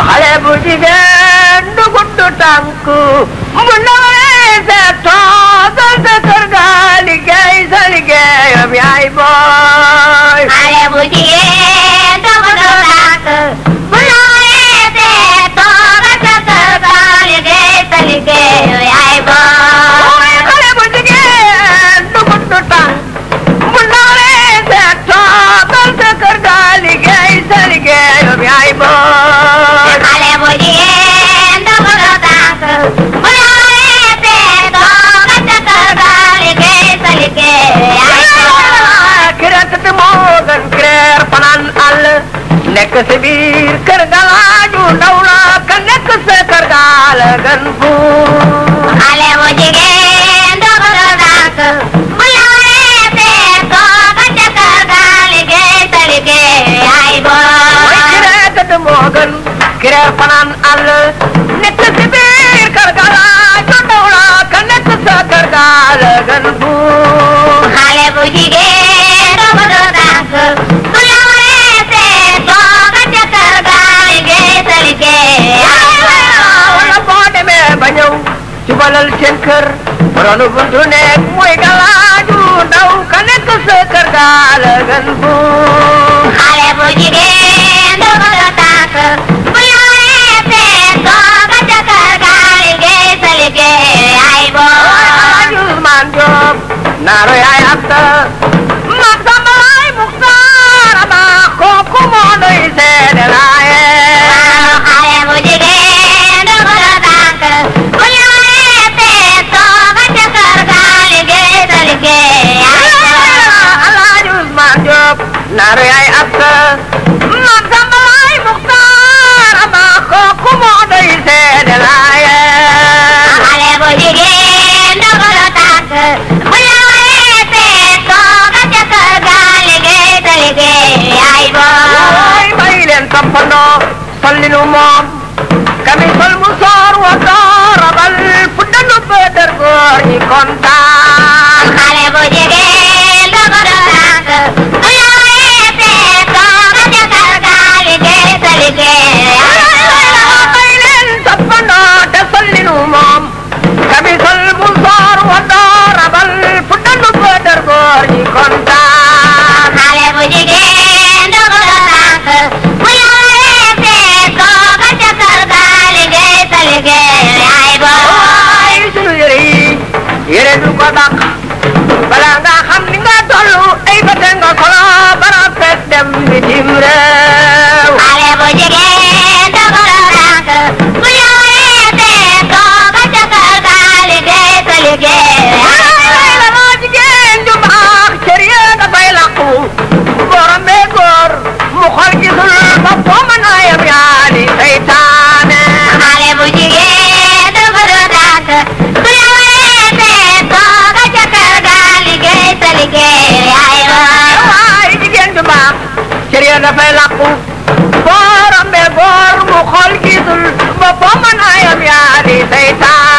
할아보지게 누군도 닮고 문화에서 터덜터 dogen greer fanaan àll nekk si biir kër galaaju ndaw la ka nekk sa kër gaal gën buur xale bu jigéen dogal nak bu lawree fee tooga ca kër gaal liggéey sa liggéey ay boor mooy kireet de moo gën kireer fanaan àll nekk si biir kër galaaju ndaw la ka nekk sa kër gaal gën buur xale bu jigéen dundal seen kër borom buntu nekk muy galaaju ndaw ka nekk sa kër gaal a gën bu xale bu jigéen dogal la tànk bu yoree seen googa ca kër gaa liggéey sa liggéey ay boo aju man jóob naaru yaay abta mag sa mbaay muktaar ama kooku moo nuy seen Yeah. ko dàq balaa nga xam ni nga toll ay bate nga ko barab fekk dem bitim réew xale bu jigéen لفيلقوا فارم بغور مخلق ذل بفمن أيام يا لي سيطان